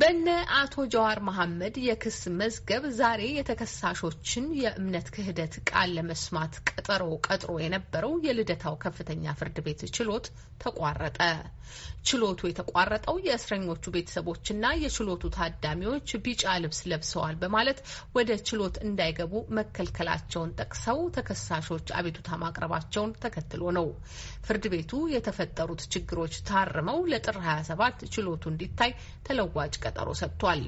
በነ አቶ ጀዋር መሐመድ የክስ መዝገብ ዛሬ የተከሳሾችን የእምነት ክህደት ቃል ለመስማት ቀጠሮ ቀጥሮ የነበረው የልደታው ከፍተኛ ፍርድ ቤት ችሎት ተቋረጠ። ችሎቱ የተቋረጠው የእስረኞቹ ቤተሰቦችና የችሎቱ ታዳሚዎች ቢጫ ልብስ ለብሰዋል በማለት ወደ ችሎት እንዳይገቡ መከልከላቸውን ጠቅሰው ተከሳሾች አቤቱታ ማቅረባቸውን ተከትሎ ነው። ፍርድ ቤቱ የተፈጠሩት ችግሮች ታርመው ለጥር 27 ችሎቱ እንዲታይ ተለዋጭ ቀጠሮ ሰጥቷል።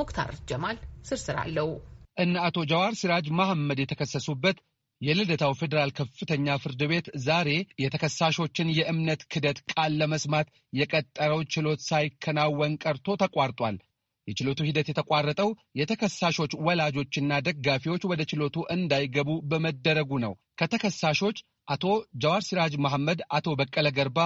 ሙክታር ጀማል ስርስር አለው። እነ አቶ ጀዋር ሲራጅ መሐመድ የተከሰሱበት የልደታው ፌዴራል ከፍተኛ ፍርድ ቤት ዛሬ የተከሳሾችን የእምነት ክደት ቃል ለመስማት የቀጠረው ችሎት ሳይከናወን ቀርቶ ተቋርጧል። የችሎቱ ሂደት የተቋረጠው የተከሳሾች ወላጆችና ደጋፊዎች ወደ ችሎቱ እንዳይገቡ በመደረጉ ነው። ከተከሳሾች አቶ ጀዋር ሲራጅ መሐመድ፣ አቶ በቀለ ገርባ፣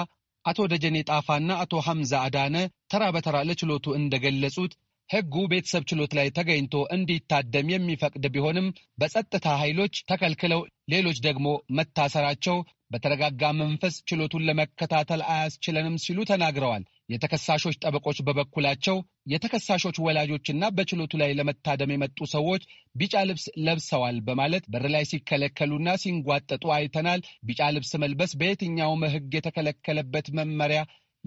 አቶ ደጀኔ ጣፋና አቶ ሐምዛ አዳነ ተራ በተራ ለችሎቱ እንደገለጹት ሕጉ ቤተሰብ ችሎት ላይ ተገኝቶ እንዲታደም የሚፈቅድ ቢሆንም በጸጥታ ኃይሎች ተከልክለው ሌሎች ደግሞ መታሰራቸው በተረጋጋ መንፈስ ችሎቱን ለመከታተል አያስችለንም ሲሉ ተናግረዋል። የተከሳሾች ጠበቆች በበኩላቸው የተከሳሾች ወላጆችና በችሎቱ ላይ ለመታደም የመጡ ሰዎች ቢጫ ልብስ ለብሰዋል በማለት በር ላይ ሲከለከሉና ሲንጓጠጡ አይተናል። ቢጫ ልብስ መልበስ በየትኛውም ሕግ የተከለከለበት መመሪያ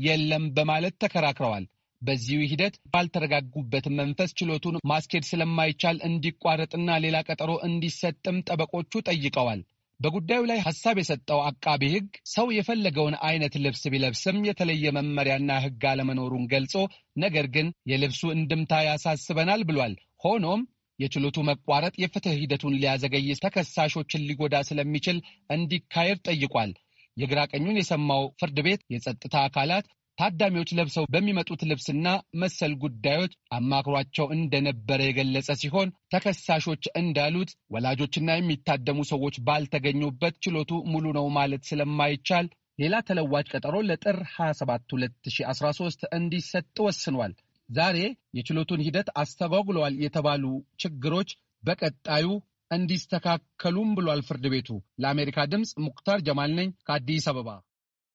የለም በማለት ተከራክረዋል። በዚሁ ሂደት ባልተረጋጉበት መንፈስ ችሎቱን ማስኬድ ስለማይቻል እንዲቋረጥና ሌላ ቀጠሮ እንዲሰጥም ጠበቆቹ ጠይቀዋል። በጉዳዩ ላይ ሀሳብ የሰጠው አቃቢ ሕግ ሰው የፈለገውን አይነት ልብስ ቢለብስም የተለየ መመሪያና ሕግ አለመኖሩን ገልጾ ነገር ግን የልብሱ እንድምታ ያሳስበናል ብሏል። ሆኖም የችሎቱ መቋረጥ የፍትህ ሂደቱን ሊያዘገይ፣ ተከሳሾችን ሊጎዳ ስለሚችል እንዲካሄድ ጠይቋል። የግራ ቀኙን የሰማው ፍርድ ቤት የጸጥታ አካላት ታዳሚዎች ለብሰው በሚመጡት ልብስና መሰል ጉዳዮች አማክሯቸው እንደነበረ የገለጸ ሲሆን ተከሳሾች እንዳሉት ወላጆችና የሚታደሙ ሰዎች ባልተገኙበት ችሎቱ ሙሉ ነው ማለት ስለማይቻል ሌላ ተለዋጭ ቀጠሮ ለጥር 27 2013 እንዲሰጥ ወስኗል። ዛሬ የችሎቱን ሂደት አስተጓጉለዋል የተባሉ ችግሮች በቀጣዩ እንዲስተካከሉም ብሏል ፍርድ ቤቱ። ለአሜሪካ ድምፅ ሙክታር ጀማል ነኝ ከአዲስ አበባ።